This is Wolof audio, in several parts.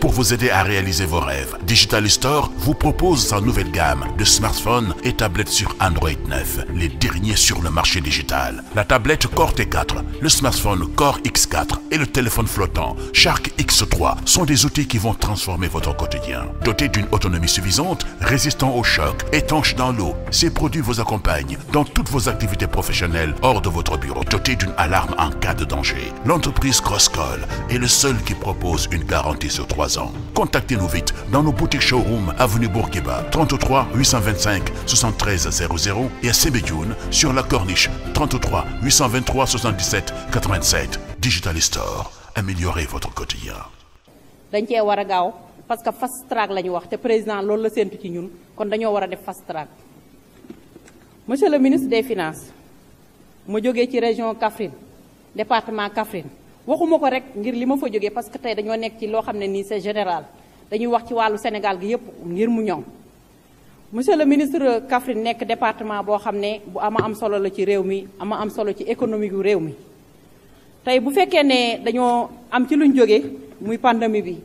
pour vous aider à réaliser vos rêves. Digital Store vous propose sa nouvelle gamme de smartphones et tablettes sur Android les derniers sur le marché digital. La tablette Core T4, le smartphone Core X4 et le téléphone flottant Shark X3 sont des outils qui vont transformer votre quotidien. Dotés d'une autonomie suffisante, résistant aux chocs, étanches dans l'eau, ces produits vous accompagnent dans toutes vos activités professionnelles hors de votre bureau. 33 ans. Contactez-nous vite dans nos boutiques showroom avenue Bourguiba 33 825 et à Sébédioune sur la Corniche Digital Store améliorez votre quotidien. dañ cee war a gaaw parce que fast track la ñu wax te président loolu la séntu ci ñun kon dañoo war a def fast track waxuma ko rek ngir li ma fa jógee parce que tey dañoo nekk ci loo xam ne nii c'est général dañuy wax ci wàllu Sénégal gi yépp ngir mu ñoŋ monsieur le ministre Kaffrine nekk département boo xam ne bu ama am solo la ci réew mi ama am solo ci économie gu réew mi tey bu fekkee ne dañoo am ci luñ jóge muy pandémie bi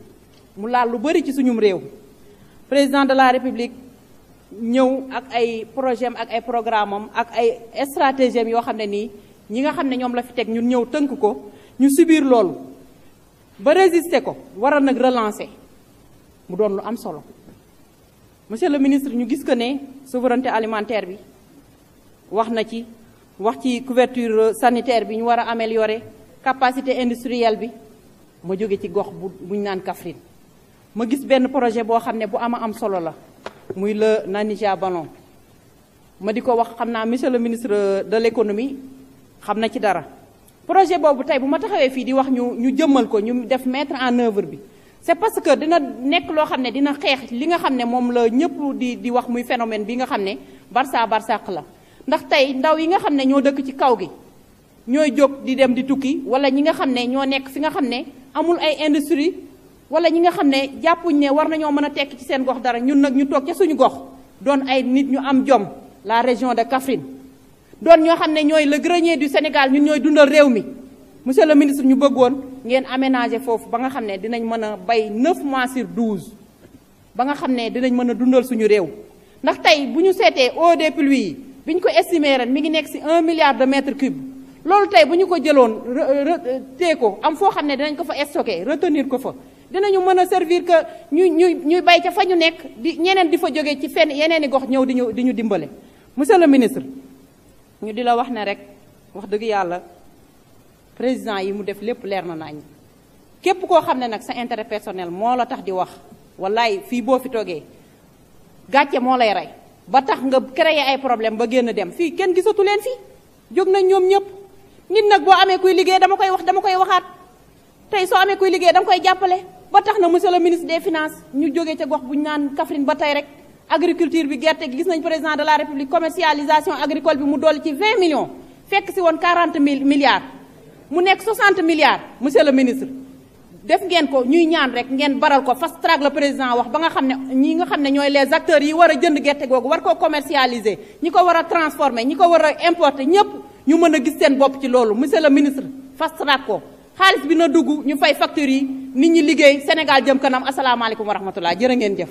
mu laal lu bari ci suñum réew président de la république ñëw ak ay projet ak ay programme am ak ay stratégie yoo xam ne nii ñi nga xam ne ñoom la fi teg ñun ñëw tënk ko ñu subir loolu ba résister ko waral nag relancer mu doon lu am solo monsieur le ministre ñu gis ko ne souveranté alimentaire bi wax na ci wax ci couverture sanitaire bi ñu war a améliorer capacité industrielle bi ma jóge ci gox bu buñ naan Kaffrine ma gis benn projet boo xam ne bu ama am solo la muy le Nanija Ballon ma di ko wax xam naa monsieur le ministre de l'économie xam na ci dara projet boobu tey bu ma taxawee fii di wax ñu ñu jëmmal ko ñu def mettre en œuvre bi c'est parce que dina nekk loo xam ne dina xeex li nga xam ne moom la ñëpp di di wax muy phénomène bi nga xam ne barça barsàq la ndax tey ndaw yi nga xam ne ñoo dëkk ci kaw gi ñooy jóg di dem di tukki wala ñi nga xam ne ñoo nekk fi nga xam ne amul ay industrie wala ñi nga xam ne jàppuñ ne war nañoo mën a tekk ci seen gox dara ñun nag ñu toog ca suñu gox doon ay nit ñu am jom la région de Kaffrine doon ñoo xam ne ñooy la grenier du Sénégal ñun ñooy dundal réew mi monsieur le ministre ñu bëggoon ngeen aménager foofu ba nga xam ne dinañ mën a bay 9 mois sur 12 ba nga xam ne dinañ mën a dundal suñu réew ndax tey bu ñu seetee eau des pluies yi bi ñu ko estimé ren mi ngi nekk si un milliard de mètres cubes loolu tey bu ñu ko jëloon tee ko am foo xam ne dinañ ko fa stocké retenir ko fa dinañu mën a servir que ñu ñuy ñuy bay ca fa ñu nekk di ñeneen di fa jógee ci fenn yeneen i gox ñëw di ñu di dimbale monsieur le ministre ñu di la wax ne rek wax dëgg yàlla président yi mu def lépp leer na nañ képp koo xam ne nag sa intérêt personnel moo la tax di wax wallaay fii boo fi toogee gàcce moo lay rey ba tax nga créer ay problème ba génn dem fii kenn gisatu leen fii jóg nañ ñoom ñëpp nit nag boo amee kuy liggéey dama koy wax dama koy waxaat tey soo amee kuy liggéey dama koy jàppale ba tax na monsieur le ministre des finances ñu jóge ca gox bu ñu naan Kaffrine ba tey rek agriculture bi gerte gi gis nañ président de la république commercialisation agricole bi mu dolli ci 20 millions fekk si woon 40 mille milliards mu nekk 60 milliards monsieur le ministre def ngeen ko ñuy ñaan rek ngeen baral ko fast track le président wax ba nga xam ne ñi nga xam ne ñooy les acteurs yi war a jënd gerte googu war koo commercialiser ñi ko war a transformer ñi ko war a importer ñëpp ñu mën a gis seen bopp ci loolu monsieur le ministre fast track ko xaalis bi na dugg ñu fay factures yi nit ñi liggéey Sénégal jëm kanam asalaamaaleykum wa rahmatullah jërë ngeen jëf